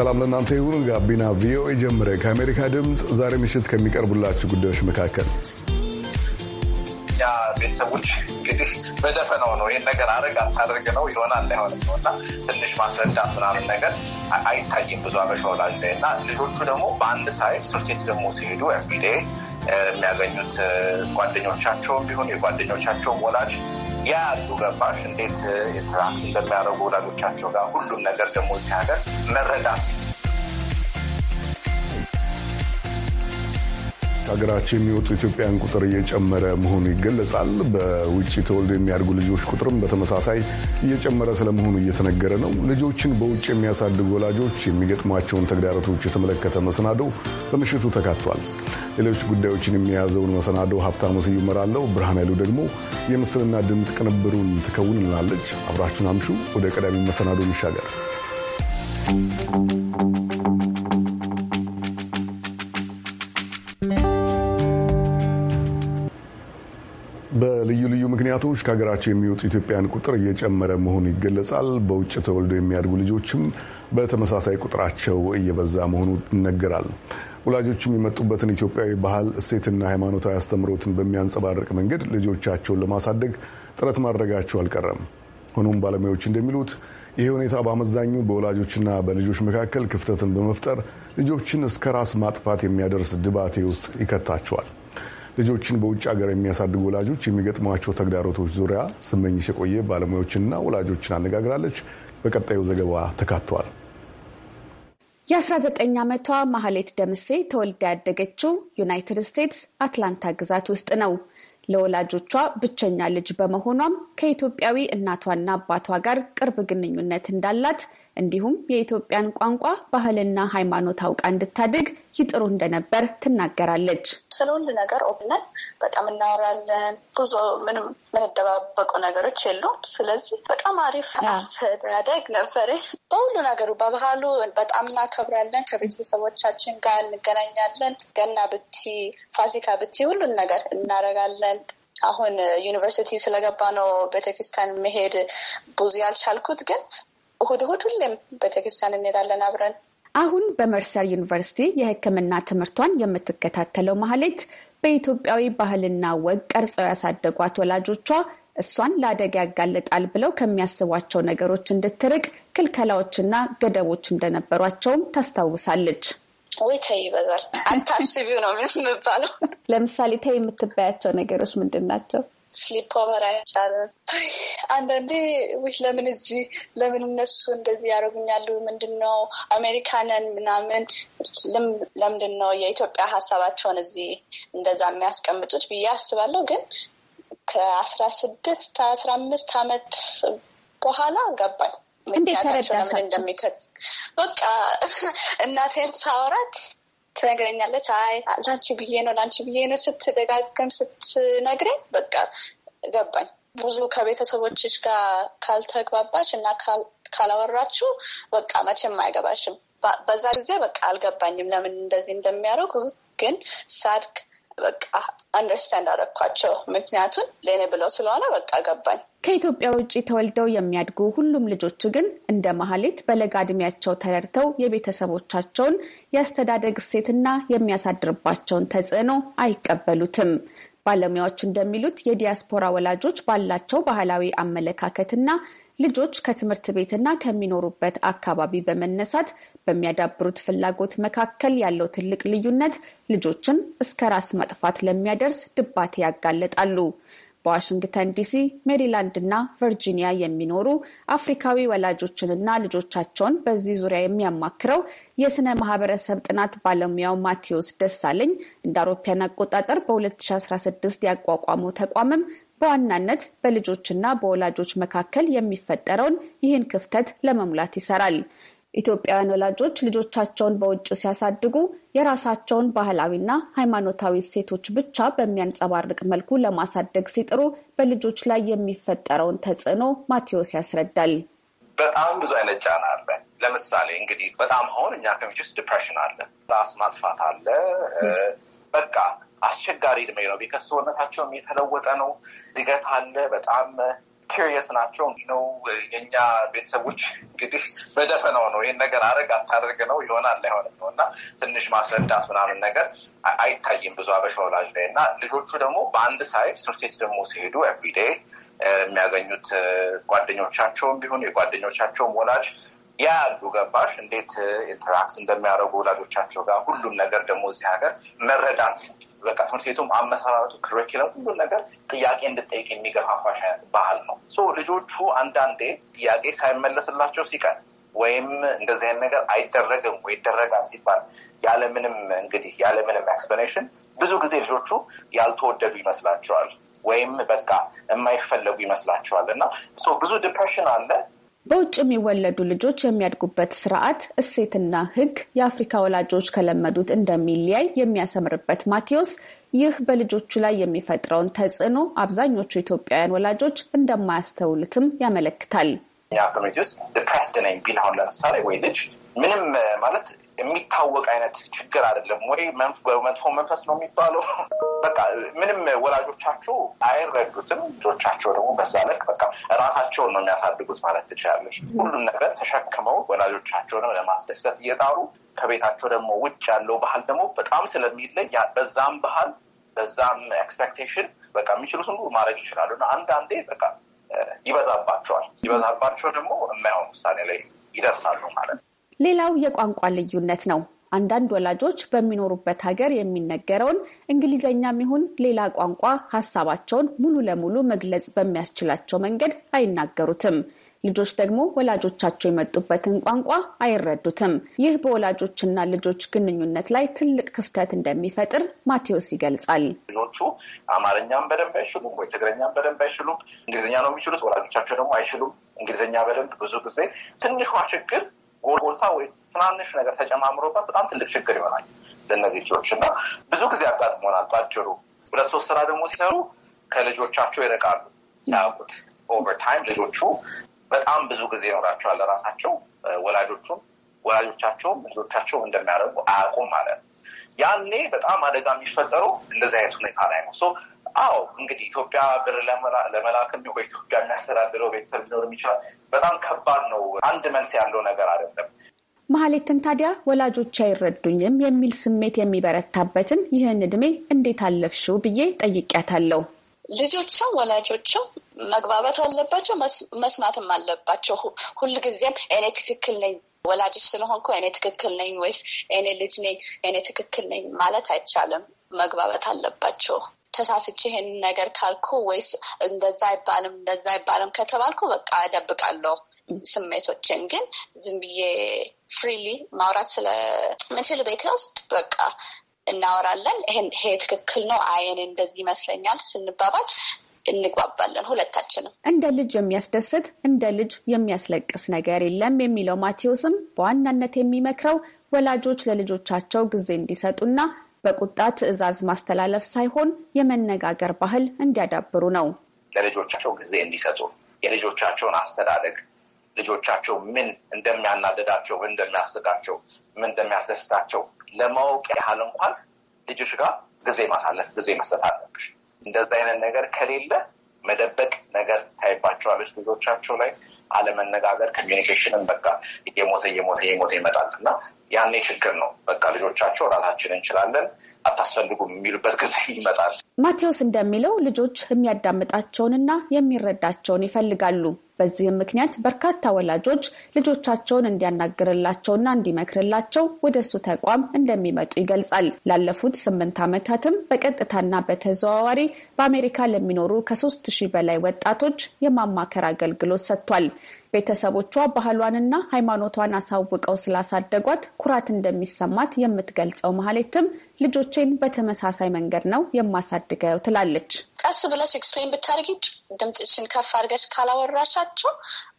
ሰላም ለእናንተ ይሁን። ጋቢና ቪኦኤ ጀምረ ከአሜሪካ ድምፅ ዛሬ ምሽት ከሚቀርቡላችሁ ጉዳዮች መካከል ያ ቤተሰቦች እንግዲህ በደፈነው ነው ይህን ነገር አረግ አታደርግ ነው ይሆናል አይሆንም ነው እና ትንሽ ማስረዳ ምናምን ነገር አይታይም ብዙ አበሻ ወላጅ ላይ እና ልጆቹ ደግሞ በአንድ ሳይድ ሶርሴት ደግሞ ሲሄዱ ኤቭሪዴ የሚያገኙት ጓደኞቻቸውም ቢሆን የጓደኞቻቸውም ወላጅ ያ አንዱ ገባሽ እንዴት ኢንትራክት eh, እንደሚያደርጉ ወላጆቻቸው ጋር ሁሉም ነገር ደግሞ እዚህ መረዳት ከሀገራቸው የሚወጡ ኢትዮጵያውያን ቁጥር እየጨመረ መሆኑ ይገለጻል። በውጭ ተወልዶ የሚያድጉ ልጆች ቁጥርም በተመሳሳይ እየጨመረ ስለመሆኑ እየተነገረ ነው። ልጆችን በውጭ የሚያሳድጉ ወላጆች የሚገጥሟቸውን ተግዳሮቶች የተመለከተ መሰናዶ በምሽቱ ተካቷል። ሌሎች ጉዳዮችን የሚያዘውን መሰናዶ ሀብታሙ ስዩም እመራለሁ። ብርሃን ኃይሉ ደግሞ የምስልና ድምፅ ቅንብሩን ትከውንልናለች። አብራችሁን አምሹ። ወደ ቀዳሚ መሰናዶ እንሻገር። ወጣቶች ከሀገራቸው የሚወጡ ኢትዮጵያውያን ቁጥር እየጨመረ መሆኑ ይገለጻል። በውጭ ተወልዶ የሚያድጉ ልጆችም በተመሳሳይ ቁጥራቸው እየበዛ መሆኑ ይነገራል። ወላጆችም የመጡበትን ኢትዮጵያዊ ባህል እሴትና ሃይማኖታዊ አስተምሮትን በሚያንጸባርቅ መንገድ ልጆቻቸውን ለማሳደግ ጥረት ማድረጋቸው አልቀረም። ሆኖም ባለሙያዎች እንደሚሉት ይህ ሁኔታ በአመዛኙ በወላጆችና በልጆች መካከል ክፍተትን በመፍጠር ልጆችን እስከ ራስ ማጥፋት የሚያደርስ ድባቴ ውስጥ ይከታቸዋል። ልጆችን በውጭ ሀገር የሚያሳድጉ ወላጆች የሚገጥሟቸው ተግዳሮቶች ዙሪያ ስመኝሽ የቆየ ባለሙያዎችንና ወላጆችን አነጋግራለች። በቀጣዩ ዘገባ ተካተዋል። የ19 ዓመቷ ማህሌት ደምሴ ተወልዳ ያደገችው ዩናይትድ ስቴትስ አትላንታ ግዛት ውስጥ ነው። ለወላጆቿ ብቸኛ ልጅ በመሆኗም ከኢትዮጵያዊ እናቷና አባቷ ጋር ቅርብ ግንኙነት እንዳላት እንዲሁም የኢትዮጵያን ቋንቋ ባህልና ሃይማኖት አውቃ እንድታድግ ይጥሩ እንደነበር ትናገራለች። ስለ ሁሉ ነገር ኦብነን በጣም እናወራለን። ብዙ ምንም የምንደባበቁ ነገሮች የሉም። ስለዚህ በጣም አሪፍ አስተዳደግ ነበር። በሁሉ ነገሩ በባህሉ በጣም እናከብራለን። ከቤተሰቦቻችን ጋር እንገናኛለን። ገና ብቲ፣ ፋሲካ ብቲ ሁሉን ነገር እናደርጋለን። አሁን ዩኒቨርሲቲ ስለገባ ነው ቤተክርስቲያን መሄድ ብዙ ያልቻልኩት፣ ግን እሁድ እሁድ ሁሌም ቤተክርስቲያን እንሄዳለን አብረን። አሁን በመርሰር ዩኒቨርሲቲ የሕክምና ትምህርቷን የምትከታተለው ማህሌት በኢትዮጵያዊ ባህልና ወግ ቀርጸው ያሳደጓት ወላጆቿ እሷን ለአደጋ ያጋልጣል ብለው ከሚያስቧቸው ነገሮች እንድትርቅ ክልከላዎችና ገደቦች እንደነበሯቸውም ታስታውሳለች። ወይ ተይ ይበዛል፣ አታስቢው ነው የምባለው። ለምሳሌ ተይ የምትባያቸው ነገሮች ምንድን ናቸው? ስሊፕ ኦቨር አያቻለን። አንዳንዴ ውይ ለምን እዚህ ለምን እነሱ እንደዚህ ያደርጉኛሉ? ምንድን ነው አሜሪካንን ምናምን ለምንድን ነው የኢትዮጵያ ሀሳባቸውን እዚህ እንደዛ የሚያስቀምጡት ብዬ አስባለሁ። ግን ከአስራ ስድስት አስራ አምስት አመት በኋላ ገባኝ ምክንያታቸው ለምን እንደሚከ በቃ እናቴን ሳወራት ትነግረኛለች። አይ ለአንቺ ብዬ ነው ለአንቺ ብዬ ነው ስትደጋገም ስትነግረኝ በቃ ገባኝ። ብዙ ከቤተሰቦችሽ ጋር ካልተግባባሽ እና ካላወራችሁ በቃ መቼም አይገባሽም። በዛ ጊዜ በቃ አልገባኝም ለምን እንደዚህ እንደሚያደርጉ ግን ሳድግ በቃ አንደርስታንድ አረግኳቸው ምክንያቱን ለእኔ ብለው ስለሆነ በቃ ገባኝ። ከኢትዮጵያ ውጭ ተወልደው የሚያድጉ ሁሉም ልጆች ግን እንደ መሀሌት በለጋ ዕድሜያቸው ተረድተው የቤተሰቦቻቸውን የአስተዳደግ እሴትና የሚያሳድርባቸውን ተጽዕኖ አይቀበሉትም። ባለሙያዎች እንደሚሉት የዲያስፖራ ወላጆች ባላቸው ባህላዊ አመለካከትና ልጆች ከትምህርት ቤትና ከሚኖሩበት አካባቢ በመነሳት በሚያዳብሩት ፍላጎት መካከል ያለው ትልቅ ልዩነት ልጆችን እስከ ራስ መጥፋት ለሚያደርስ ድባቴ ያጋለጣሉ። በዋሽንግተን ዲሲ፣ ሜሪላንድ እና ቨርጂኒያ የሚኖሩ አፍሪካዊ ወላጆችንና ልጆቻቸውን በዚህ ዙሪያ የሚያማክረው የስነ ማህበረሰብ ጥናት ባለሙያው ማቴዎስ ደሳለኝ እንደ አውሮፓውያን አቆጣጠር በ2016 ያቋቋመው ተቋምም በዋናነት በልጆችና በወላጆች መካከል የሚፈጠረውን ይህን ክፍተት ለመሙላት ይሰራል። ኢትዮጵያውያን ወላጆች ልጆቻቸውን በውጭ ሲያሳድጉ የራሳቸውን ባህላዊና ሃይማኖታዊ እሴቶች ብቻ በሚያንጸባርቅ መልኩ ለማሳደግ ሲጥሩ በልጆች ላይ የሚፈጠረውን ተጽዕኖ ማቴዎስ ያስረዳል። በጣም ብዙ አይነት ጫና አለ። ለምሳሌ እንግዲህ በጣም አሁን እኛ ከሚች ውስጥ ዲፕሬሽን አለ፣ ራስ ማጥፋት አለ። በቃ አስቸጋሪ እድሜ ነው። ቤተሰብነታቸውም የተለወጠ ነው። ድገት አለ በጣም ኪሪየስ ናቸው። ነው የእኛ ቤተሰቦች እንግዲህ በደፈነው ነው ይህን ነገር አረግ አታደርግ ነው ይሆናል ላይሆንም ነው እና ትንሽ ማስረዳት ምናምን ነገር አይታይም ብዙ አበሻ ወላጅ ላይ እና ልጆቹ ደግሞ በአንድ ሳይድ ስርቴት ደግሞ ሲሄዱ ኤቭሪዴ የሚያገኙት ጓደኞቻቸውም ቢሆን የጓደኞቻቸውም ወላጅ ያ ያሉ ገባሽ እንዴት ኢንተራክት እንደሚያደርጉ ወላጆቻቸው ጋር ሁሉም ነገር ደግሞ እዚህ ሀገር መረዳት በቃ ትምህርት ቤቱም አመሰራረቱ ክሪኪለም ሁሉም ነገር ጥያቄ እንድጠይቅ የሚገፋፋሽ ባህል ነው። ልጆቹ አንዳንዴ ጥያቄ ሳይመለስላቸው ሲቀር ወይም እንደዚህ አይነት ነገር አይደረግም ወይ ይደረጋል ሲባል ያለምንም እንግዲህ ያለምንም ኤክስፕላኔሽን ብዙ ጊዜ ልጆቹ ያልተወደዱ ይመስላቸዋል ወይም በቃ የማይፈለጉ ይመስላቸዋል እና ብዙ ዲፕሬሽን አለ። በውጭ የሚወለዱ ልጆች የሚያድጉበት ስርዓት እሴትና ህግ የአፍሪካ ወላጆች ከለመዱት እንደሚለያይ የሚያሰምርበት ማቴዎስ ይህ በልጆቹ ላይ የሚፈጥረውን ተጽዕኖ አብዛኞቹ ኢትዮጵያውያን ወላጆች እንደማያስተውሉትም ያመለክታል። ምንም ማለት የሚታወቅ አይነት ችግር አይደለም ወይ መጥፎ መንፈስ ነው የሚባለው። በቃ ምንም ወላጆቻችሁ አይረዱትም። ልጆቻቸው ደግሞ በዛ ልክ በቃ ራሳቸውን ነው የሚያሳድጉት ማለት ትችላለች። ሁሉም ነገር ተሸክመው ወላጆቻቸውንም ለማስደሰት እየጣሩ ከቤታቸው ደግሞ ውጭ ያለው ባህል ደግሞ በጣም ስለሚለይ በዛም ባህል በዛም ኤክስፔክቴሽን በቃ የሚችሉት ሁሉ ማድረግ ይችላሉ አንዳንዴ በቃ ይበዛባቸዋል። ይበዛባቸው ደግሞ የማይሆን ውሳኔ ላይ ይደርሳሉ ማለት ነው። ሌላው የቋንቋ ልዩነት ነው። አንዳንድ ወላጆች በሚኖሩበት ሀገር የሚነገረውን እንግሊዘኛም ይሁን ሌላ ቋንቋ ሀሳባቸውን ሙሉ ለሙሉ መግለጽ በሚያስችላቸው መንገድ አይናገሩትም። ልጆች ደግሞ ወላጆቻቸው የመጡበትን ቋንቋ አይረዱትም። ይህ በወላጆችና ልጆች ግንኙነት ላይ ትልቅ ክፍተት እንደሚፈጥር ማቴዎስ ይገልጻል። ልጆቹ አማርኛም በደንብ አይችሉም ወይ ትግረኛም በደንብ አይችሉም። እንግሊዝኛ ነው የሚችሉት፣ ወላጆቻቸው ደግሞ አይችሉም እንግሊዝኛ በደንብ ብዙ ጊዜ ትንሿ ችግር ጎልጎልታ ወይ ትናንሽ ነገር ተጨማምሮበት በጣም ትልቅ ችግር ይሆናል ለእነዚህ ልጆች እና ብዙ ጊዜ አጋጥሞናል። ባጭሩ ሁለት ሶስት ስራ ደግሞ ሲሰሩ ከልጆቻቸው ይርቃሉ። ሲያውቁት። ኦቨርታይም ልጆቹ በጣም ብዙ ጊዜ ይኖራቸዋል ለራሳቸው ወላጆቹም ወላጆቻቸውም ልጆቻቸውም እንደሚያደርጉ አያውቁም ማለት ነው። ያኔ በጣም አደጋ የሚፈጠሩ እንደዚህ አይነት ሁኔታ ላይ ነው። አዎ እንግዲህ ኢትዮጵያ ብር ለመላክ እንዲሁ ኢትዮጵያ የሚያስተዳድረው ቤተሰብ ሊኖር ይችላል። በጣም ከባድ ነው። አንድ መልስ ያለው ነገር አይደለም። መሀሌትን ታዲያ ወላጆች አይረዱኝም የሚል ስሜት የሚበረታበትን ይህን እድሜ እንዴት አለፍሽው ብዬ ጠይቄያታለሁ። ልጆችም ወላጆችም መግባባት አለባቸው፣ መስማትም አለባቸው። ሁልጊዜም እኔ ትክክል ነኝ ወላጆች ስለሆንኩ እኔ ትክክል ነኝ ወይስ እኔ ልጅ ነኝ እኔ ትክክል ነኝ ማለት አይቻልም። መግባባት አለባቸው። ተሳስቼ ይሄን ነገር ካልኩ ወይስ እንደዛ አይባልም እንደዛ አይባልም ከተባልኩ በቃ እደብቃለሁ ስሜቶችን ግን ዝም ብዬ ፍሪሊ ማውራት ስለምችል ቤት ውስጥ በቃ እናወራለን። ይሄ ትክክል ነው፣ አይን እንደዚህ ይመስለኛል ስንባባል እንግባባለን ሁለታችንም። እንደ ልጅ የሚያስደስት እንደ ልጅ የሚያስለቅስ ነገር የለም የሚለው ማቴዎስም በዋናነት የሚመክረው ወላጆች ለልጆቻቸው ጊዜ እንዲሰጡና በቁጣ ትዕዛዝ ማስተላለፍ ሳይሆን የመነጋገር ባህል እንዲያዳብሩ ነው። ለልጆቻቸው ጊዜ እንዲሰጡ የልጆቻቸውን አስተዳደግ ልጆቻቸው ምን እንደሚያናደዳቸው፣ ምን እንደሚያስጋቸው፣ ምን እንደሚያስደስታቸው ለማወቅ ያህል እንኳን ልጆች ጋር ጊዜ ማሳለፍ ጊዜ መስጠት አለብሽ። እንደዚ አይነት ነገር ከሌለ መደበቅ ነገር ታይባቸዋለች ልጆቻቸው ላይ አለመነጋገር ኮሚኒኬሽንን በቃ እየሞተ እየሞተ እየሞተ ይመጣል እና ያኔ ችግር ነው። በቃ ልጆቻቸው ራሳችን እንችላለን አታስፈልጉም የሚሉበት ጊዜ ይመጣል። ማቴዎስ እንደሚለው ልጆች የሚያዳምጣቸውንና የሚረዳቸውን ይፈልጋሉ። በዚህም ምክንያት በርካታ ወላጆች ልጆቻቸውን እንዲያናግርላቸውና እንዲመክርላቸው ወደ እሱ ተቋም እንደሚመጡ ይገልጻል። ላለፉት ስምንት ዓመታትም በቀጥታና በተዘዋዋሪ በአሜሪካ ለሚኖሩ ከሶስት ሺህ በላይ ወጣቶች የማማከር አገልግሎት ሰጥቷል። ቤተሰቦቿ ባህሏንና ሃይማኖቷን አሳውቀው ስላሳደጓት ኩራት እንደሚሰማት የምትገልጸው መሀሌትም ልጆቼን በተመሳሳይ መንገድ ነው የማሳድገው ትላለች። ቀስ ብለሽ ኤክስፕሌን ብታደርጊ ድምፅሽን ከፍ አድርገሽ ካላወራሻቸው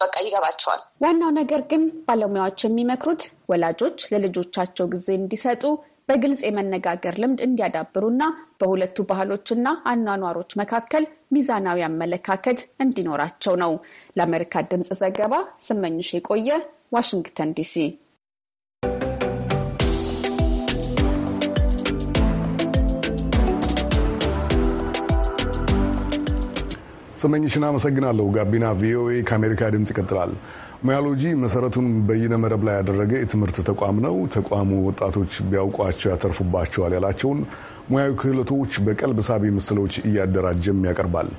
በቃ ይገባቸዋል። ዋናው ነገር ግን ባለሙያዎች የሚመክሩት ወላጆች ለልጆቻቸው ጊዜ እንዲሰጡ በግልጽ የመነጋገር ልምድ እንዲያዳብሩና በሁለቱ ባህሎችና አኗኗሮች መካከል ሚዛናዊ አመለካከት እንዲኖራቸው ነው። ለአሜሪካ ድምፅ ዘገባ ስመኝሽ የቆየ ዋሽንግተን ዲሲ። ስመኝሽን አመሰግናለሁ። ጋቢና ቪኦኤ ከአሜሪካ ድምፅ ይቀጥላል። ሙያሎጂ መሰረቱን በይነ መረብ ላይ ያደረገ የትምህርት ተቋም ነው። ተቋሙ ወጣቶች ቢያውቋቸው ያተርፉባቸዋል ያላቸውን ሙያዊ ክህሎቶች በቀልብ ሳቢ ምስሎች እያደራጀም ያቀርባል።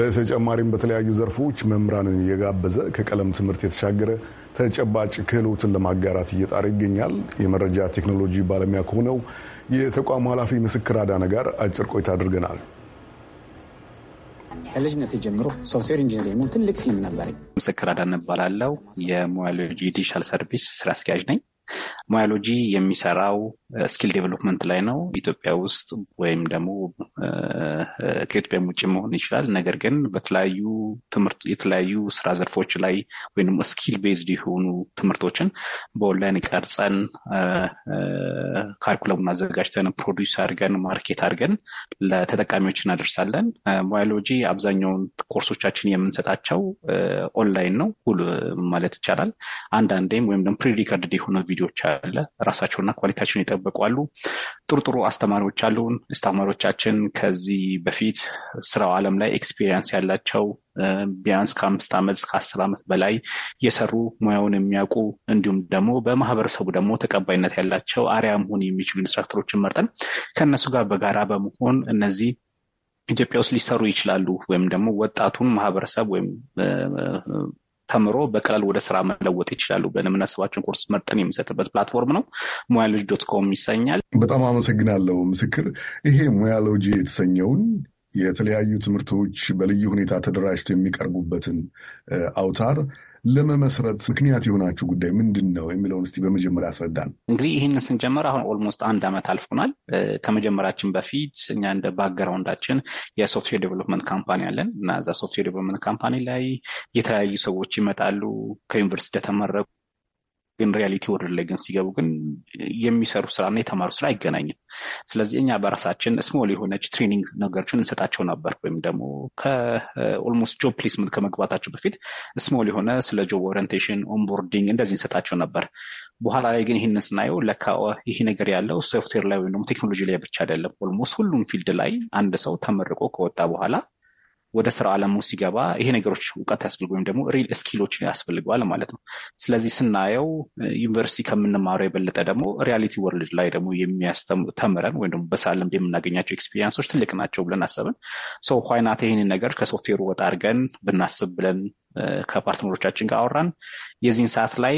በተጨማሪም በተለያዩ ዘርፎች መምህራንን እየጋበዘ ከቀለም ትምህርት የተሻገረ ተጨባጭ ክህሎትን ለማጋራት እየጣረ ይገኛል። የመረጃ ቴክኖሎጂ ባለሙያ ከሆነው የተቋሙ ኃላፊ ምስክር አዳነ ጋር አጭር ቆይታ አድርገናል። ከልጅነት ጀምሮ ሶፍትዌር ኢንጂነር የመሆን ትልቅ ህልም ነበረኝ። ምስክር አዳነ እባላለሁ። የሞያሎጂ ዲጂታል ሰርቪስ ስራ አስኪያጅ ነኝ። ሞያሎጂ የሚሰራው ስኪል ዴቨሎፕመንት ላይ ነው። ኢትዮጵያ ውስጥ ወይም ደግሞ ከኢትዮጵያም ውጭ መሆን ይችላል። ነገር ግን በተለያዩ ትምህርት የተለያዩ ስራ ዘርፎች ላይ ወይም ስኪል ቤዝድ የሆኑ ትምህርቶችን በኦንላይን ቀርጸን ካሪኩለሙን አዘጋጅተን ፕሮዲውስ አድርገን ማርኬት አድርገን ለተጠቃሚዎች እናደርሳለን። ባዮሎጂ አብዛኛውን ኮርሶቻችን የምንሰጣቸው ኦንላይን ነው ሁሉ ማለት ይቻላል። አንዳንዴም ወይም ደግሞ ፕሪሪከርድድ የሆነ ቪዲዮዎች አለ ራሳቸውና ኳሊቲያቸውን የጠ የሚጠበቁ አሉ። ጥሩ ጥሩ አስተማሪዎች አሉን። አስተማሪዎቻችን ከዚህ በፊት ስራው ዓለም ላይ ኤክስፒሪየንስ ያላቸው ቢያንስ ከአምስት ዓመት እስከ አስር ዓመት በላይ የሰሩ ሙያውን የሚያውቁ እንዲሁም ደግሞ በማህበረሰቡ ደግሞ ተቀባይነት ያላቸው አሪያ መሆን የሚችሉ ኢንስትራክተሮችን መርጠን ከእነሱ ጋር በጋራ በመሆን እነዚህ ኢትዮጵያ ውስጥ ሊሰሩ ይችላሉ ወይም ደግሞ ወጣቱን ማህበረሰብ ወይም ተምሮ በቀላል ወደ ስራ መለወጥ ይችላሉ ብለን የምናስባቸውን ኮርስ መርጠን የሚሰጥበት ፕላትፎርም ነው። ሙያ ልጅ ዶት ኮም ይሰኛል። በጣም አመሰግናለሁ ምስክር። ይሄ ሙያ ሎጂ የተሰኘውን የተለያዩ ትምህርቶች በልዩ ሁኔታ ተደራጅተው የሚቀርቡበትን አውታር ለመመስረት ምክንያት የሆናችሁ ጉዳይ ምንድን ነው የሚለውን እስቲ በመጀመሪያ አስረዳን። እንግዲህ ይህንን ስንጀምር አሁን ኦልሞስት አንድ ዓመት አልፎናል። ከመጀመራችን በፊት እኛ እንደ ባክግራውንዳችን የሶፍትዌር ዴቨሎፕመንት ካምፓኒ አለን እና እዛ ሶፍትዌር ዴቨሎፕመንት ካምፓኒ ላይ የተለያዩ ሰዎች ይመጣሉ ከዩኒቨርሲቲ እንደተመረቁ ግን ሪያሊቲ ወርድ ላይ ግን ሲገቡ ግን የሚሰሩ ስራና የተማሩ ስራ አይገናኝም። ስለዚህ እኛ በራሳችን ስሞል የሆነች ትሬኒንግ ነገሮችን እንሰጣቸው ነበር። ወይም ደግሞ ከኦልሞስት ጆብ ፕሌስመንት ከመግባታቸው በፊት ስሞል የሆነ ስለ ጆብ ኦሪንቴሽን፣ ኦንቦርዲንግ እንደዚህ እንሰጣቸው ነበር። በኋላ ላይ ግን ይህንን ስናየው ለካ ይሄ ነገር ያለው ሶፍትዌር ላይ ወይም ደግሞ ቴክኖሎጂ ላይ ብቻ አይደለም። ኦልሞስት ሁሉም ፊልድ ላይ አንድ ሰው ተመርቆ ከወጣ በኋላ ወደ ስራ አለሙ ሲገባ ይሄ ነገሮች እውቀት ያስፈልግ ወይም ደግሞ ሪል እስኪሎች ያስፈልገዋል ማለት ነው። ስለዚህ ስናየው ዩኒቨርሲቲ ከምንማረው የበለጠ ደግሞ ሪያሊቲ ወርልድ ላይ ደግሞ የሚያስተምረን ወይም ደግሞ በስራ ዓለም የምናገኛቸው ኤክስፒሪየንሶች ትልቅ ናቸው ብለን አሰብን። ሶ ዋይናት ይህንን ነገር ከሶፍትዌሩ ወጣ አድርገን ብናስብ ብለን ከፓርትነሮቻችን ጋር አወራን። የዚህን ሰዓት ላይ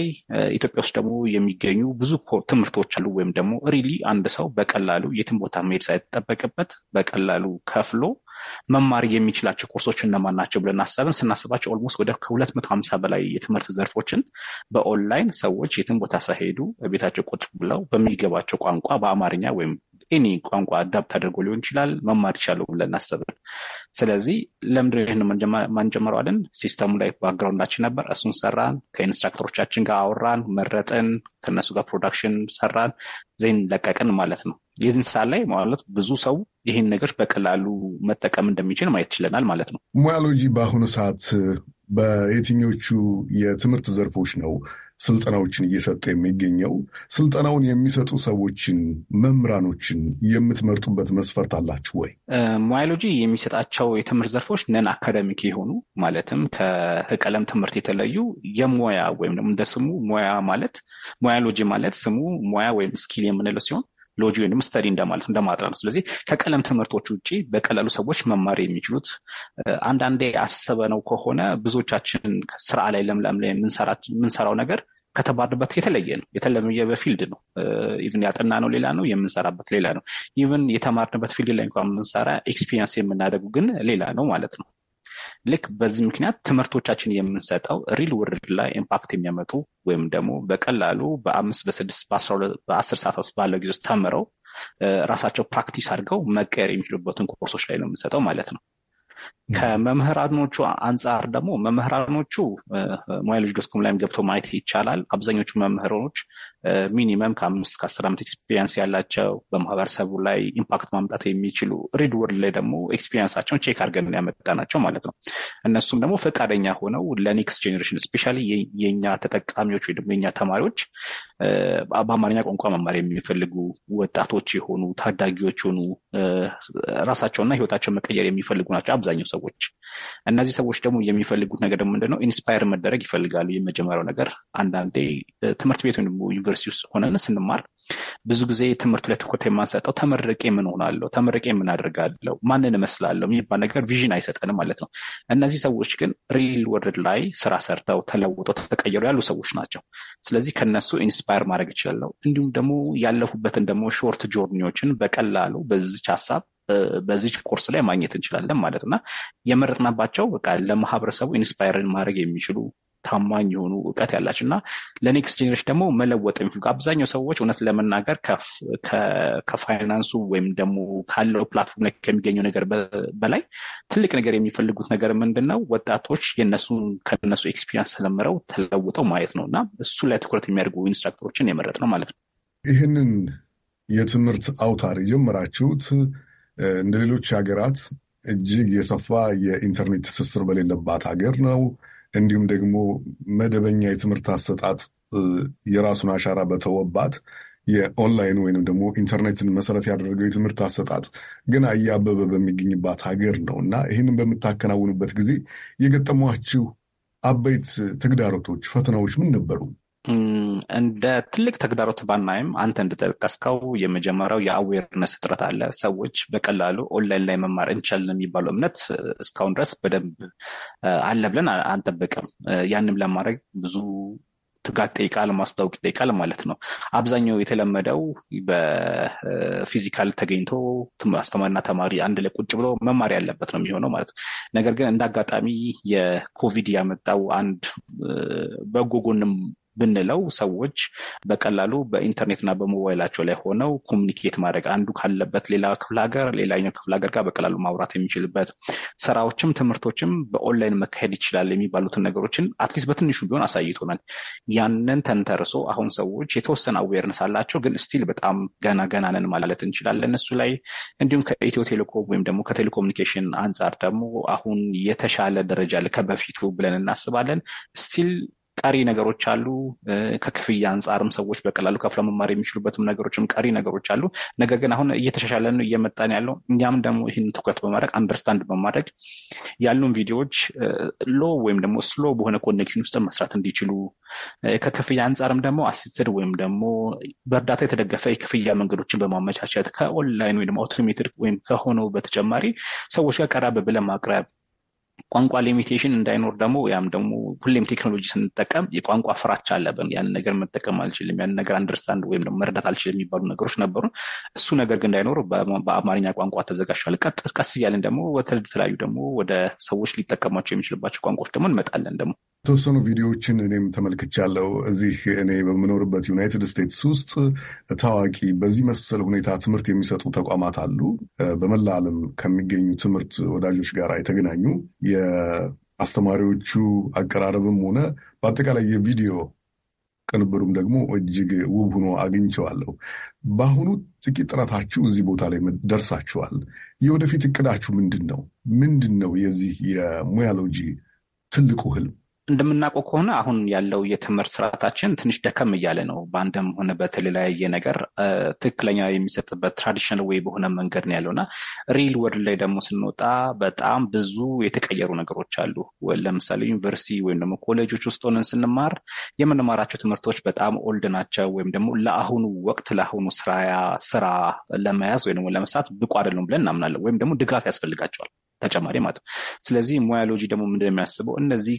ኢትዮጵያ ውስጥ ደግሞ የሚገኙ ብዙ ትምህርቶች አሉ። ወይም ደግሞ ሪሊ አንድ ሰው በቀላሉ የትም ቦታ መሄድ ሳይጠበቅበት በቀላሉ ከፍሎ መማር የሚችላቸው ኮርሶች እነማን ናቸው ብለን አሰብን። ስናስባቸው ኦልሞስት ወደ ከሁለት መቶ ሀምሳ በላይ የትምህርት ዘርፎችን በኦንላይን ሰዎች የትም ቦታ ሳይሄዱ ቤታቸው ቁጭ ብለው በሚገባቸው ቋንቋ በአማርኛ ወይም ኤኒ ቋንቋ አዳፕት አድርጎ ሊሆን ይችላል መማር ይቻለው ብለን እናስብን። ስለዚህ ለምድ ይህን ማንጀመረው አለን። ሲስተሙ ላይ ባክግራውንዳችን ነበር፣ እሱን ሰራን። ከኢንስትራክተሮቻችን ጋር አወራን፣ መረጥን፣ ከነሱ ጋር ፕሮዳክሽን ሰራን፣ ዜን ለቀቅን ማለት ነው። የዚህን ሰዓት ላይ ማለት ብዙ ሰው ይህን ነገር በቀላሉ መጠቀም እንደሚችል ማየት ችለናል ማለት ነው። ሙያሎጂ በአሁኑ ሰዓት በየትኞቹ የትምህርት ዘርፎች ነው ስልጠናዎችን እየሰጠ የሚገኘው ስልጠናውን የሚሰጡ ሰዎችን መምህራኖችን የምትመርጡበት መስፈርት አላችሁ ወይ? ማዮሎጂ የሚሰጣቸው የትምህርት ዘርፎች ነን አካዳሚክ የሆኑ ማለትም ከቀለም ትምህርት የተለዩ የሞያ ወይም ደግሞ እንደ ስሙ ሞያ ማለት ሞያሎጂ ማለት ስሙ ሞያ ወይም ስኪል የምንለው ሲሆን ሎጂ ወይም ስተዲ እንደማለት እንደማጥናት ነው። ስለዚህ ከቀለም ትምህርቶች ውጭ በቀላሉ ሰዎች መማር የሚችሉት አንዳንዴ ነው ከሆነ ብዙዎቻችን ስራ ላይ ለምለም ላይ የምንሰራው ነገር ከተማርንበት የተለየ ነው። የተለየ በፊልድ ነው። ኢቭን ነው ሌላ ነው፣ የምንሰራበት ሌላ ነው። ኢቭን የተማርንበት ፊልድ ላይ እንኳን የምንሰራ ኤክስፒሪንስ የምናደጉ ግን ሌላ ነው ማለት ነው። ልክ በዚህ ምክንያት ትምህርቶቻችን የምንሰጠው ሪል ውርድ ላይ ኢምፓክት የሚያመጡ ወይም ደግሞ በቀላሉ በአምስት በስድስት በአስር ሰዓት ውስጥ ባለው ጊዜ ውስጥ ተምረው ራሳቸው ፕራክቲስ አድርገው መቀየር የሚችሉበትን ኮርሶች ላይ ነው የምንሰጠው ማለት ነው። ከመምህራኖቹ አንጻር ደግሞ መምህራኖቹ ሞባይል ዶትኮም ላይም ገብቶ ማየት ይቻላል። አብዛኞቹ መምህራኖች ሚኒመም ከአምስት ከአስር ዓመት ኤክስፒሪየንስ ያላቸው በማህበረሰቡ ላይ ኢምፓክት ማምጣት የሚችሉ ሪድ ወርድ ላይ ደግሞ ኤክስፒሪየንሳቸውን ቼክ አድርገን ያመጣ ናቸው ማለት ነው። እነሱም ደግሞ ፈቃደኛ ሆነው ለኔክስት ጄኔሬሽን ስፔሻ የኛ ተጠቃሚዎች ወይ ደግሞ የኛ ተማሪዎች በአማርኛ ቋንቋ መማር የሚፈልጉ ወጣቶች የሆኑ ታዳጊዎች የሆኑ ራሳቸውና ህይወታቸውን መቀየር የሚፈልጉ ናቸው አብዛኛው ሰዎች። እነዚህ ሰዎች ደግሞ የሚፈልጉት ነገር ደግሞ ምንድነው? ኢንስፓየር መደረግ ይፈልጋሉ። የመጀመሪያው ነገር አንዳንዴ ትምህርት ቤት ወይም ዩኒቨርሲቲ ውስጥ ሆነን ስንማር ብዙ ጊዜ ትምህርቱ ላይ ትኩረት የማንሰጠው ተመርቄ ምን ሆናለሁ፣ ተመርቄ ምን አድርጋለሁ፣ ማንን እመስላለሁ የሚባል ነገር ቪዥን አይሰጠንም ማለት ነው። እነዚህ ሰዎች ግን ሪል ወርድ ላይ ስራ ሰርተው ተለውጠው ተቀየሩ ያሉ ሰዎች ናቸው። ስለዚህ ከነሱ ኢንስፓየር ማድረግ ይችላለሁ። እንዲሁም ደግሞ ያለፉበትን ደግሞ ሾርት ጆርኒዎችን በቀላሉ በዚች ሀሳብ በዚች ኮርስ ላይ ማግኘት እንችላለን ማለት እና የመረጥናባቸው በቃ ለማህበረሰቡ ኢንስፓይርን ማድረግ የሚችሉ ታማኝ የሆኑ እውቀት ያላቸው እና ለኔክስት ጀኔሬሽን ደግሞ መለወጥ የሚ አብዛኛው ሰዎች እውነት ለመናገር ከፋይናንሱ ወይም ደግሞ ካለው ፕላትፎርም ላይ ከሚገኘው ነገር በላይ ትልቅ ነገር የሚፈልጉት ነገር ምንድን ነው? ወጣቶች የነሱን ከነሱ ኤክስፒሪንስ ተለምረው ተለውጠው ማየት ነው እና እሱ ላይ ትኩረት የሚያደርጉ ኢንስትራክተሮችን የመረጥ ነው ማለት ነው። ይህንን የትምህርት አውታር የጀመራችሁት እንደ ሌሎች ሀገራት እጅግ የሰፋ የኢንተርኔት ትስስር በሌለባት ሀገር ነው። እንዲሁም ደግሞ መደበኛ የትምህርት አሰጣጥ የራሱን አሻራ በተወባት የኦንላይን ወይንም ደግሞ ኢንተርኔትን መሰረት ያደረገው የትምህርት አሰጣጥ ገና እያበበ በሚገኝባት ሀገር ነው እና ይህንን በምታከናውኑበት ጊዜ የገጠሟችሁ አበይት ተግዳሮቶች፣ ፈተናዎች ምን ነበሩ? እንደ ትልቅ ተግዳሮት ባናይም አንተ እንደጠቀስከው የመጀመሪያው የአዌርነስ እጥረት አለ። ሰዎች በቀላሉ ኦንላይን ላይ መማር እንችላለን የሚባለው እምነት እስካሁን ድረስ በደንብ አለ ብለን አንጠብቅም። ያንም ለማድረግ ብዙ ትጋት ጠይቃል፣ ማስታወቅ ይጠይቃል ማለት ነው። አብዛኛው የተለመደው በፊዚካል ተገኝቶ አስተማሪና ተማሪ አንድ ላይ ቁጭ ብሎ መማር ያለበት ነው የሚሆነው ማለት ነው። ነገር ግን እንደ አጋጣሚ የኮቪድ ያመጣው አንድ በጎ ጎንም ብንለው ሰዎች በቀላሉ በኢንተርኔትና በሞባይላቸው ላይ ሆነው ኮሚኒኬት ማድረግ አንዱ ካለበት ሌላ ክፍለ ሀገር ሌላኛው ክፍለ ሀገር ጋር በቀላሉ ማውራት የሚችልበት ስራዎችም ትምህርቶችም በኦንላይን መካሄድ ይችላል የሚባሉትን ነገሮችን አትሊስት በትንሹ ቢሆን አሳይቶናል። ያንን ተንተርሶ አሁን ሰዎች የተወሰነ አዌርነስ አላቸው፣ ግን ስቲል በጣም ገና ገና ነን ማለት እንችላለን እሱ ላይ እንዲሁም ከኢትዮ ቴሌኮም ወይም ደግሞ ከቴሌኮሙኒኬሽን አንጻር ደግሞ አሁን የተሻለ ደረጃ ከበፊቱ ብለን እናስባለን ስቲል ቀሪ ነገሮች አሉ። ከክፍያ አንጻርም ሰዎች በቀላሉ ከፍለ መማር የሚችሉበትም ነገሮችም ቀሪ ነገሮች አሉ። ነገር ግን አሁን ነው እየመጣን ያለው እኛም ደግሞ ይህን ትኩረት በማድረግ አንደርስታንድ በማድረግ ያሉን ቪዲዮዎች ሎ ወይም ደግሞ ስሎ በሆነ ኮኔክሽን ውስጥ መስራት እንዲችሉ ከክፍያ አንጻርም ደግሞ አሲስትድ ወይም ደግሞ በእርዳታ የተደገፈ የክፍያ መንገዶችን በማመቻቸት ከኦንላይን ወይም አውቶሜትድ ወይም ከሆነው በተጨማሪ ሰዎች ጋር ቀረብ ብለን ማቅረብ ቋንቋ ሊሚቴሽን እንዳይኖር ደግሞ ያም ደግሞ ሁሌም ቴክኖሎጂ ስንጠቀም የቋንቋ ፍራቻ አለብን። ያንን ነገር መጠቀም አልችልም፣ ያንን ነገር አንደርስታንድ ወይም ደግሞ መረዳት አልችልም የሚባሉ ነገሮች ነበሩ እሱ ነገር ግን እንዳይኖር በአማርኛ ቋንቋ ተዘጋጅቷል። ቀስ እያለን ደግሞ ወተተለያዩ ደግሞ ወደ ሰዎች ሊጠቀሟቸው የሚችልባቸው ቋንቋዎች ደግሞ እንመጣለን ደግሞ የተወሰኑ ቪዲዮዎችን እኔም ተመልክቻለሁ። እዚህ እኔ በምኖርበት ዩናይትድ ስቴትስ ውስጥ ታዋቂ በዚህ መሰል ሁኔታ ትምህርት የሚሰጡ ተቋማት አሉ። በመላ ዓለም ከሚገኙ ትምህርት ወዳጆች ጋር የተገናኙ የአስተማሪዎቹ አቀራረብም ሆነ በአጠቃላይ የቪዲዮ ቅንብሩም ደግሞ እጅግ ውብ ሆኖ አግኝቸዋለሁ። በአሁኑ ጥቂት ጥረታችሁ እዚህ ቦታ ላይ ደርሳችኋል። የወደፊት እቅዳችሁ ምንድን ነው? ምንድን ነው የዚህ የሙያሎጂ ትልቁ ህልም? እንደምናውቀው ከሆነ አሁን ያለው የትምህርት ስርዓታችን ትንሽ ደከም እያለ ነው። በአንድም ሆነ በተለያየ ነገር ትክክለኛ የሚሰጥበት ትራዲሽናል ወይ በሆነ መንገድ ነው ያለውና ሪል ወርድ ላይ ደግሞ ስንወጣ በጣም ብዙ የተቀየሩ ነገሮች አሉ። ለምሳሌ ዩኒቨርሲቲ ወይም ደግሞ ኮሌጆች ውስጥ ሆነን ስንማር የምንማራቸው ትምህርቶች በጣም ኦልድ ናቸው፣ ወይም ደግሞ ለአሁኑ ወቅት ለአሁኑ ስራ ለመያዝ ወይም ደግሞ ለመስራት ብቁ አይደሉም ብለን እናምናለን፣ ወይም ደግሞ ድጋፍ ያስፈልጋቸዋል። ተጨማሪ ማለት ነው። ስለዚህ ሙያ ሎጂ ደግሞ ምንድን የሚያስበው እነዚህ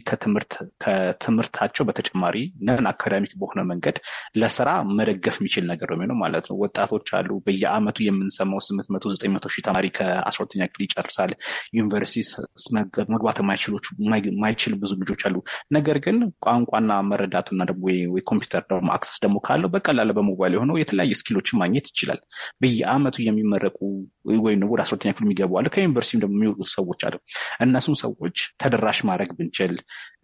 ከትምህርታቸው በተጨማሪ ነን አካዳሚክ በሆነ መንገድ ለስራ መደገፍ የሚችል ነገር ነው የሚሆነው ማለት ነው። ወጣቶች አሉ። በየአመቱ የምንሰማው ስምንት መቶ ዘጠኝ መቶ ሺህ ተማሪ ከአስራ ሁለተኛ ክፍል ይጨርሳል። ዩኒቨርሲቲ መግባት የማይችል ብዙ ልጆች አሉ። ነገር ግን ቋንቋና መረዳቱና ደግሞ ኮምፒውተር ደግሞ አክሰስ ደግሞ ካለው በቀላል በሞባይል የሆነው የተለያየ ስኪሎችን ማግኘት ይችላል። በየአመቱ የሚመረቁ ወይም ደግሞ ወደ አስራተኛ ክፍል የሚገቡ አለ። ከዩኒቨርሲቲ ደግሞ የሚወጡት ሰዎች አሉ። እነሱን ሰዎች ተደራሽ ማድረግ ብንችል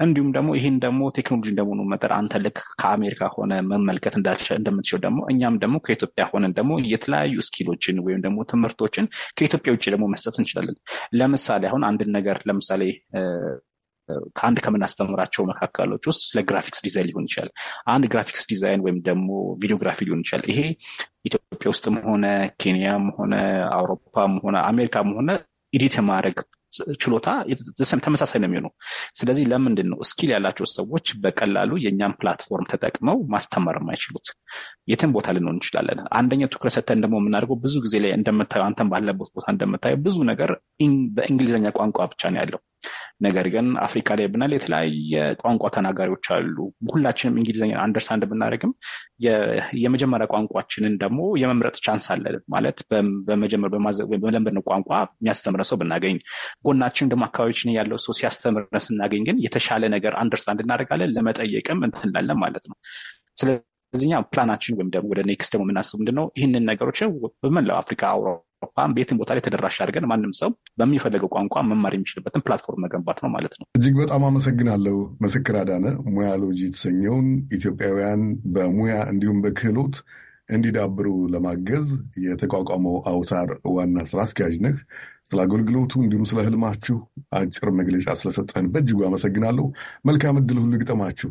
እንዲሁም ደግሞ ይህን ደግሞ ቴክኖሎጂ እንደመሆኑ መጠር አንተ ልክ ከአሜሪካ ሆነ መመልከት እንደምትችል ደግሞ እኛም ደግሞ ከኢትዮጵያ ሆነን ደግሞ የተለያዩ ስኪሎችን ወይም ደግሞ ትምህርቶችን ከኢትዮጵያ ውጭ ደግሞ መስጠት እንችላለን። ለምሳሌ አሁን አንድን ነገር ለምሳሌ ከአንድ ከምናስተምራቸው መካከሎች ውስጥ ስለ ግራፊክስ ዲዛይን ሊሆን ይችላል። አንድ ግራፊክስ ዲዛይን ወይም ደግሞ ቪዲዮግራፊ ሊሆን ይችላል። ይሄ ኢትዮጵያ ውስጥም ሆነ ኬንያም ሆነ አውሮፓም ሆነ አሜሪካም ሆነ ኢዲት የማድረግ ችሎታ ተመሳሳይ ነው የሚሆነው። ስለዚህ ለምንድን ነው እስኪል ያላቸው ሰዎች በቀላሉ የእኛን ፕላትፎርም ተጠቅመው ማስተማር የማይችሉት? የትም ቦታ ልንሆን እንችላለን። አንደኛ ትኩረት ሰተን ደግሞ የምናደርገው ብዙ ጊዜ ላይ እንደምታየው፣ አንተን ባለበት ቦታ እንደምታየው ብዙ ነገር በእንግሊዝኛ ቋንቋ ብቻ ነው ያለው። ነገር ግን አፍሪካ ላይ ብናል የተለያየ ቋንቋ ተናጋሪዎች አሉ። ሁላችንም እንግሊዝኛ አንደርስታንድ ብናደርግም የመጀመሪያ ቋንቋችንን ደግሞ የመምረጥ ቻንስ አለ ማለት በመጀመር በመለመድ ቋንቋ የሚያስተምረ ሰው ብናገኝ ጎናችን ደግሞ አካባቢዎችን ያለው ሰው ሲያስተምረ ስናገኝ ግን የተሻለ ነገር አንደርስታንድ እናደርጋለን ለመጠየቅም እንትንላለን ማለት ነው። ስለዚህኛ ፕላናችን ወይም ደግሞ ወደ ኔክስት ደግሞ የምናስብ ምንድነው ይህንን ነገሮች በመላው አፍሪካ አውሮ ቋንቋ በየትም ቦታ ላይ ተደራሽ አድርገን ማንም ሰው በሚፈለገው ቋንቋ መማር የሚችልበትን ፕላትፎርም መገንባት ነው ማለት ነው። እጅግ በጣም አመሰግናለሁ። ምስክር አዳነ ሙያሎጂ የተሰኘውን ኢትዮጵያውያን በሙያ እንዲሁም በክህሎት እንዲዳብሩ ለማገዝ የተቋቋመው አውታር ዋና ስራ አስኪያጅ ነህ። ስለ አገልግሎቱ እንዲሁም ስለ ህልማችሁ አጭር መግለጫ ስለሰጠህን በእጅጉ አመሰግናለሁ። መልካም እድል ሁሉ ግጠማችሁ።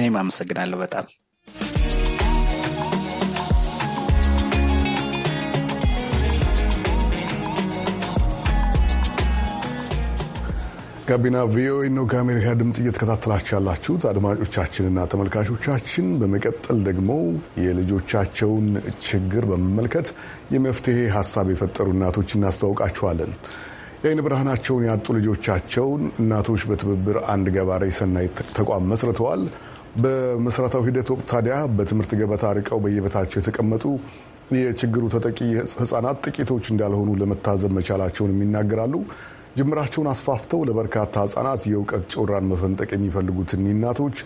እኔም አመሰግናለሁ በጣም ጋቢና ቪኦኤ ነው ከአሜሪካ ድምፅ እየተከታተላችሁ ያላችሁት አድማጮቻችንና ተመልካቾቻችን። በመቀጠል ደግሞ የልጆቻቸውን ችግር በመመልከት የመፍትሄ ሀሳብ የፈጠሩ እናቶች እናስተዋውቃችኋለን። የአይን ብርሃናቸውን ያጡ ልጆቻቸውን እናቶች በትብብር አንድ ገባሬ ሰናይ ተቋም መስርተዋል። በመሰረታዊ ሂደት ወቅት ታዲያ በትምህርት ገበታ ርቀው በየበታቸው የተቀመጡ የችግሩ ተጠቂ ህጻናት ጥቂቶች እንዳልሆኑ ለመታዘብ መቻላቸውን ይናገራሉ። ጅምራቸውን አስፋፍተው ለበርካታ ህጻናት የእውቀት ጮራን መፈንጠቅ የሚፈልጉት እኒህ እናቶች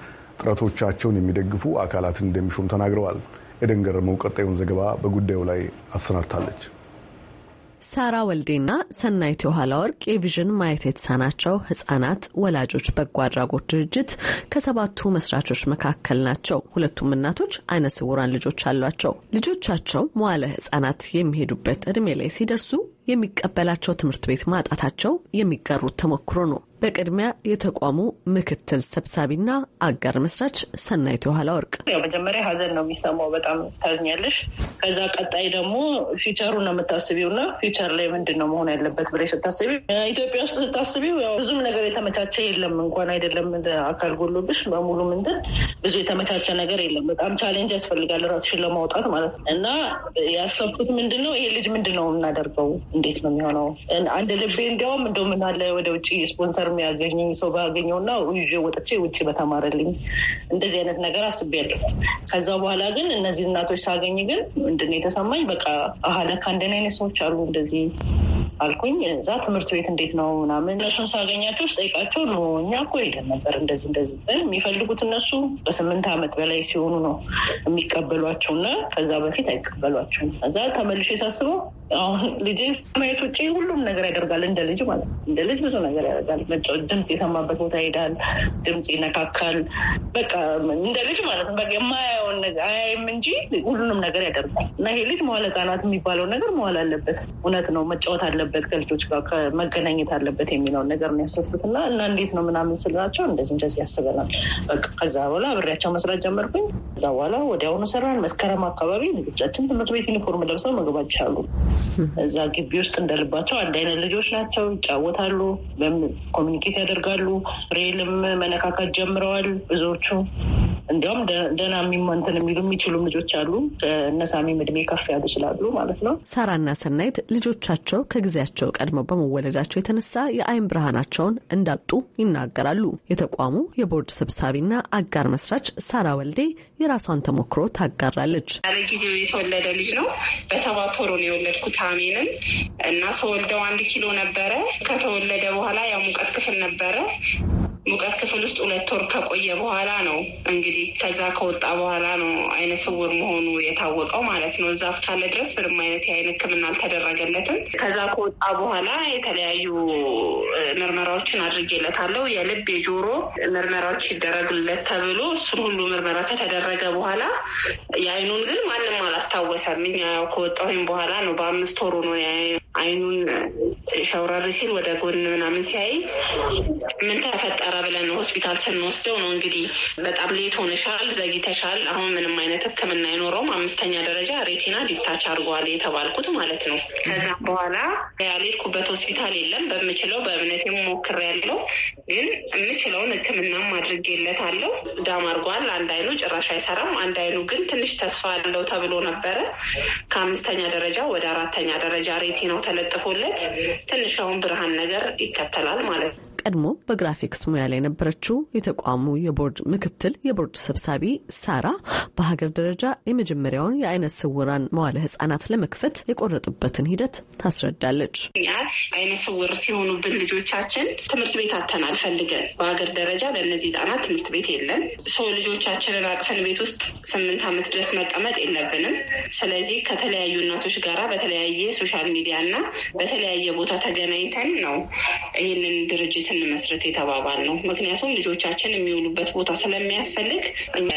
ጥረቶቻቸውን የሚደግፉ አካላትን እንደሚሾም ተናግረዋል። ኤደን ገረመው ቀጣዩን ዘገባ በጉዳዩ ላይ አሰናድታለች። ሳራ ወልዴና ሰናይት የኋላ ወርቅ የቪዥን ማየት የተሳናቸው ህጻናት ወላጆች በጎ አድራጎት ድርጅት ከሰባቱ መስራቾች መካከል ናቸው። ሁለቱም እናቶች አይነ ስውራን ልጆች አሏቸው። ልጆቻቸው መዋለ ህጻናት የሚሄዱበት እድሜ ላይ ሲደርሱ የሚቀበላቸው ትምህርት ቤት ማጣታቸው የሚጋሩት ተሞክሮ ነው። በቅድሚያ የተቋሙ ምክትል ሰብሳቢና አጋር መስራች ሰናይት የኋላ ወርቅ። ያው መጀመሪያ ሀዘን ነው የሚሰማው፣ በጣም ታዝኛለሽ። ከዛ ቀጣይ ደግሞ ፊውቸሩን ነው የምታስቢው እና ፊውቸር ላይ ምንድን ነው መሆን ያለበት ብለሽ ስታስቢው ኢትዮጵያ ውስጥ ስታስቢው ብዙም ነገር የተመቻቸ የለም። እንኳን አይደለም አካል ጎሎብሽ በሙሉ ምንድን ብዙ የተመቻቸ ነገር የለም። በጣም ቻሌንጅ ያስፈልጋል ራስሽን ለማውጣት ማለት ነው እና ያሰብኩት ምንድን ነው ይሄ ልጅ ምንድን ነው የምናደርገው እንዴት ነው የሚሆነው? አንድ ልቤ እንዲያውም እንደምናለ ወደ ውጭ ስፖንሰር በር ያገኘኝ ሰው ባገኘውና ይዤ ወጥቼ ውጭ በተማረልኝ እንደዚህ አይነት ነገር አስቤያለሁ። ከዛ በኋላ ግን እነዚህ እናቶች ሳገኝ ግን ምንድን የተሰማኝ በቃ አህለካ እንደን አይነት ሰዎች አሉ እንደዚህ አልኩኝ። እዛ ትምህርት ቤት እንዴት ነው ምናምን እነሱን ሳገኛቸው ውስጥ ጠይቃቸው እኛ እኮ የለን ነበር እንደዚህ እንደዚህ የሚፈልጉት እነሱ በስምንት አመት በላይ ሲሆኑ ነው የሚቀበሏቸው እና ከዛ በፊት አይቀበሏቸውም። እዛ ተመልሼ ሳስበው አሁን ልጄ ማየት ውጭ ሁሉም ነገር ያደርጋል እንደ ልጅ ማለት እንደ ልጅ ብዙ ነገር ያደርጋል። ድምፅ የሰማበት ቦታ ይሄዳል። ድምፅ ይነካካል። በቃ እንደ ልጅ ማለት ነው። በቃ የማያየውን ነገር አያይም እንጂ ሁሉንም ነገር ያደርጋል። እና ይሄ ልጅ መዋለ ህጻናት የሚባለው ነገር መዋል አለበት። እውነት ነው። መጫወት አለበት፣ ከልጆች ጋር መገናኘት አለበት የሚለውን ነገር ነው ያሰብኩት። እና እና እንዴት ነው ምናምን ስላቸው እንደዚህ እንደዚህ ያስበናል። በቃ ከዛ በኋላ አብሬያቸው መስራት ጀመርኩኝ። ከዛ በኋላ ወዲያውኑ ሰራን። መስከረም አካባቢ ልጆቻችን ትምህርት ቤት ዩኒፎርም ለብሰው መግባት አሉ። እዛ ግቢ ውስጥ እንደልባቸው አንድ አይነት ልጆች ናቸው፣ ይጫወታሉ። ኮሚኒኬት ያደርጋሉ። ሬልም መነካካት ጀምረዋል ብዙዎቹ። እንዲያውም ደህና የሚመንትን የሚሉ የሚችሉም ልጆች አሉ። እነሳሚም እድሜ ከፍ ያሉ ስላሉ ማለት ነው። ሳራና ሰናይት ልጆቻቸው ከጊዜያቸው ቀድመው በመወለዳቸው የተነሳ የአይን ብርሃናቸውን እንዳጡ ይናገራሉ። የተቋሙ የቦርድ ሰብሳቢና አጋር መስራች ሳራ ወልዴ የራሷን ተሞክሮ ታጋራለች። ያለ ጊዜው የተወለደ ልጅ ነው። በሰባት ወሩ ነው የወለድኩት አሜንን እና ሰው አንድ ኪሎ ነበረ ከተወለደ በኋላ ያው ሙቀት ክፍል ነበረ ሙቀት ክፍል ውስጥ ሁለት ወር ከቆየ በኋላ ነው እንግዲህ ከዛ ከወጣ በኋላ ነው አይነ ስውር መሆኑ የታወቀው ማለት ነው። እዛ እስካለ ድረስ ምንም አይነት የአይን ሕክምና አልተደረገለትም። ከዛ ከወጣ በኋላ የተለያዩ ምርመራዎችን አድርጌለታለሁ። የልብ የጆሮ ምርመራዎች ይደረግለት ተብሎ እሱን ሁሉ ምርመራ ከተደረገ በኋላ የአይኑን ግን ማንም አላስታወሰም። እኛ ያው ከወጣሁኝ በኋላ ነው በአምስት ወሩ ነው አይኑን ሸውረር ሲል ወደ ጎን ምናምን ሲያይ ምን ተፈጠረ ብለን ሆስፒታል ስንወስደው ነው እንግዲህ በጣም ሌት ሆነሻል፣ ዘግይተሻል፣ አሁን ምንም አይነት ሕክምና አይኖረውም፣ አምስተኛ ደረጃ ሬቲና ዲታች አድርጓል የተባልኩት ማለት ነው። ከዛ በኋላ ያልሄድኩበት ሆስፒታል የለም። በምችለው በእምነት ሞክሬያለሁ፣ ግን የምችለውን ሕክምናም አድርጌለታለሁ። ዳም አድርጓል። አንድ አይኑ ጭራሽ አይሰራም። አንድ አይኑ ግን ትንሽ ተስፋ አለው ተብሎ ነበረ። ከአምስተኛ ደረጃ ወደ አራተኛ ደረጃ ሬቲናው ተለጥፎለት ትንሽ አሁን ብርሃን ነገር ይከተላል ማለት ነው። ቀድሞ በግራፊክስ ሙያ ላይ የነበረችው የተቋሙ የቦርድ ምክትል የቦርድ ሰብሳቢ ሳራ በሀገር ደረጃ የመጀመሪያውን የአይነ ስውራን መዋለ ህጻናት ለመክፈት የቆረጥበትን ሂደት ታስረዳለች። እኛ አይነ ስውር ሲሆኑብን ልጆቻችን ትምህርት ቤት አተናል ፈልገን በሀገር ደረጃ ለእነዚህ ህጻናት ትምህርት ቤት የለም። ሰው ልጆቻችንን አቅፈን ቤት ውስጥ ስምንት ዓመት ድረስ መቀመጥ የለብንም። ስለዚህ ከተለያዩ እናቶች ጋራ በተለያየ ሶሻል ሚዲያ እና በተለያየ ቦታ ተገናኝተን ነው ይህንን ድርጅት ቤት እንመስረት የተባባል ነው። ምክንያቱም ልጆቻችን የሚውሉበት ቦታ ስለሚያስፈልግ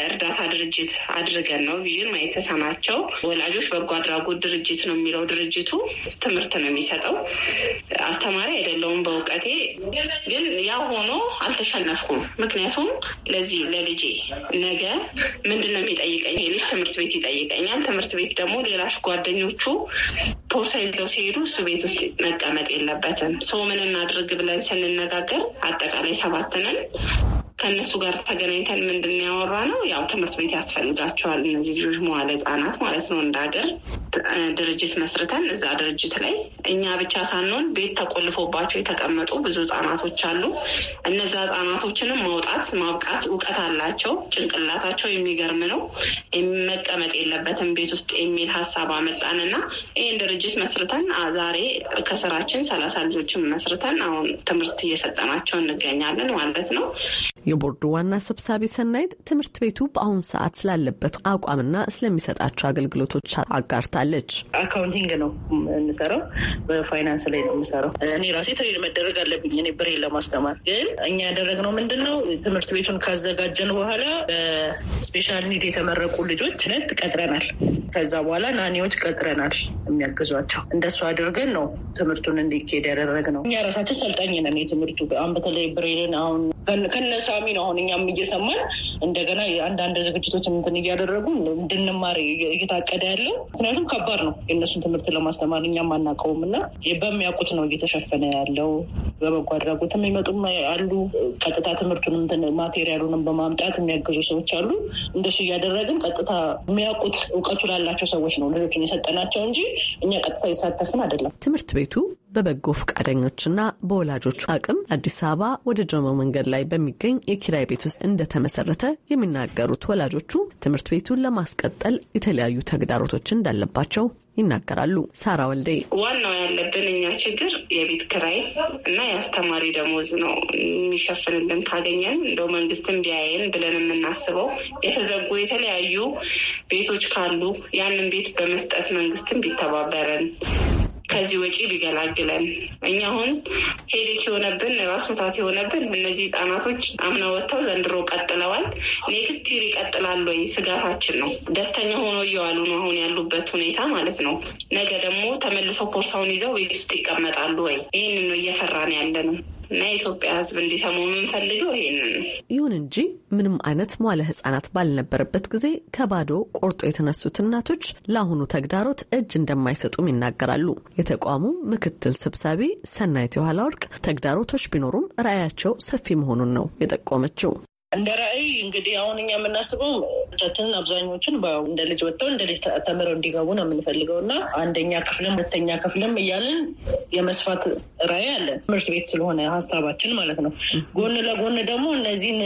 እርዳታ ድርጅት አድርገን ነው። ቪዥን ማይተሳናቸው ወላጆች በጎ አድራጎት ድርጅት ነው የሚለው ድርጅቱ ትምህርት ነው የሚሰጠው። አስተማሪ አይደለውም በእውቀቴ ግን ያ ሆኖ አልተሸነፍኩም። ምክንያቱም ለዚህ ለልጄ ነገ ምንድን ነው የሚጠይቀኝ? ልጅ ትምህርት ቤት ይጠይቀኛል። ትምህርት ቤት ደግሞ ሌላች ጓደኞቹ ቦርሳ ይዘው ሲሄዱ እሱ ቤት ውስጥ መቀመጥ የለበትም። ሰው ምን እናድርግ ብለን ስንነጋ ስንነጋገር አጠቃላይ ሰባት ነን። ከእነሱ ጋር ተገናኝተን ምንድን ያወራ ነው ያው ትምህርት ቤት ያስፈልጋቸዋል እነዚህ ልጆች መዋለ ህጻናት ማለት ነው። እንደ ሀገር ድርጅት መስርተን እዛ ድርጅት ላይ እኛ ብቻ ሳንሆን ቤት ተቆልፎባቸው የተቀመጡ ብዙ ህጻናቶች አሉ። እነዛ ህጻናቶችንም ማውጣት ማብቃት፣ እውቀት አላቸው፣ ጭንቅላታቸው የሚገርም ነው፣ መቀመጥ የለበትም ቤት ውስጥ የሚል ሀሳብ አመጣንና ይህን ድርጅት መስርተን ዛሬ ከስራችን ሰላሳ ልጆችን መስርተን አሁን ትምህርት እየሰጠናቸው እንገኛለን ማለት ነው። የቦርዱ ዋና ሰብሳቢ ሰናይት ትምህርት ቤቱ በአሁን ሰዓት ስላለበት አቋምና ስለሚሰጣቸው አገልግሎቶች አጋርታለች። አካውንቲንግ ነው የምሰራው፣ በፋይናንስ ላይ ነው የምሰራው። እኔ ራሴ ትሬድ መደረግ አለብኝ እኔ ብሬን ለማስተማር ግን እኛ ያደረግነው ምንድን ነው ትምህርት ቤቱን ካዘጋጀን በኋላ በስፔሻል ኒድ የተመረቁ ልጆች ነት ቀጥረናል። ከዛ በኋላ ናኒዎች ቀጥረናል የሚያግዟቸው። እንደሱ አድርገን ነው ትምህርቱን እንዲካሄድ ነው። እኛ ራሳችን ሰልጣኝ ነን የትምህርቱ አሁን በተለይ ብሬልን አሁን ከነሳሚ ነው አሁን እኛም እየሰማን እንደገና አንዳንድ ዝግጅቶች እንትን እያደረጉ እንድንማር እየታቀደ ያለው ምክንያቱም ከባድ ነው የእነሱን ትምህርት ለማስተማር እኛም አናውቀውም እና በሚያውቁት ነው እየተሸፈነ ያለው። በበጎ አድራጎት ይመጡም አሉ። ቀጥታ ትምህርቱን ማቴሪያሉንም በማምጣት የሚያገዙ ሰዎች አሉ። እንደሱ እያደረግን ቀጥታ የሚያውቁት እውቀቱ ላላቸው ሰዎች ነው ልጆችን የሰጠናቸው እንጂ እኛ ቀጥታ የሳተፍን አይደለም። ትምህርት ቤቱ በበጎ ፈቃደኞችና በወላጆቹ አቅም አዲስ አበባ ወደ ጆሞ መንገድ ላይ በሚገኝ የኪራይ ቤት ውስጥ እንደተመሰረተ የሚናገሩት ወላጆቹ ትምህርት ቤቱን ለማስቀጠል የተለያዩ ተግዳሮቶች እንዳለባቸው ይናገራሉ። ሳራ ወልዴ ዋናው ያለብን እኛ ችግር የቤት ክራይ እና የአስተማሪ ደሞዝ ነው የሚሸፍንልን ካገኘን እንደው መንግስትን ቢያየን ብለን የምናስበው የተዘጉ የተለያዩ ቤቶች ካሉ ያንን ቤት በመስጠት መንግስትም ቢተባበረን ከዚህ ወጪ ቢገላግለን። እኛ አሁን ሄዴክ የሆነብን ራስ ምታት የሆነብን እነዚህ ህጻናቶች አምና ወጥተው ዘንድሮ ቀጥለዋል። ኔክስት ይር ይቀጥላሉ ወይ ስጋታችን ነው። ደስተኛ ሆኖ እየዋሉ ነው አሁን ያሉበት ሁኔታ ማለት ነው። ነገ ደግሞ ተመልሰው ኮርሳውን ይዘው ቤት ውስጥ ይቀመጣሉ ወይ? ይህንን ነው እየፈራን ያለ ነው። እና የኢትዮጵያ ሕዝብ እንዲሰሙ የምንፈልገው ይሄንን ነው። ይሁን እንጂ ምንም አይነት መዋለ ሕጻናት ባልነበረበት ጊዜ ከባዶ ቆርጦ የተነሱት እናቶች ለአሁኑ ተግዳሮት እጅ እንደማይሰጡም ይናገራሉ። የተቋሙ ምክትል ሰብሳቢ ሰናይት የኋላ ወርቅ ተግዳሮቶች ቢኖሩም ራዕያቸው ሰፊ መሆኑን ነው የጠቆመችው። እንደ ራዕይ እንግዲህ አሁን እኛ የምናስበው ልጆቻችንን አብዛኞቹን እንደ ልጅ ወጥተው እንደ ልጅ ተምረው እንዲገቡ ነው የምንፈልገው እና አንደኛ ክፍልም ሁለተኛ ክፍልም እያለን የመስፋት ራዕይ አለን። ትምህርት ቤት ስለሆነ ሀሳባችን ማለት ነው። ጎን ለጎን ደግሞ እነዚህን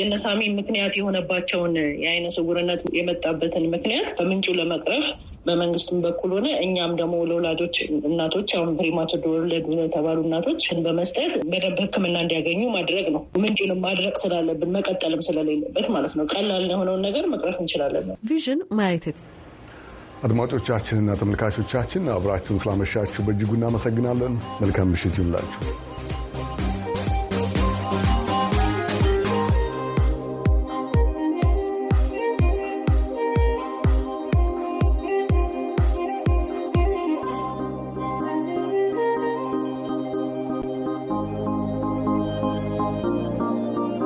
የነሳሚ ምክንያት የሆነባቸውን የአይነ ስውርነት የመጣበትን ምክንያት ከምንጩ ለመቅረፍ በመንግስትም በኩል ሆነ እኛም ደግሞ ለወላጆች እናቶች አሁን ፕሪማቶር ወለዱ የተባሉ እናቶች በመስጠት በደንብ ሕክምና እንዲያገኙ ማድረግ ነው። ምንጭንም ማድረግ ስላለብን መቀጠልም ስለሌለበት ማለት ነው። ቀላል የሆነውን ነገር መቅረፍ እንችላለን። ቪዥን ማየትት አድማጮቻችንና ተመልካቾቻችን አብራችሁን ስላመሻችሁ በእጅጉ እናመሰግናለን። መልካም ምሽት ይሁንላችሁ።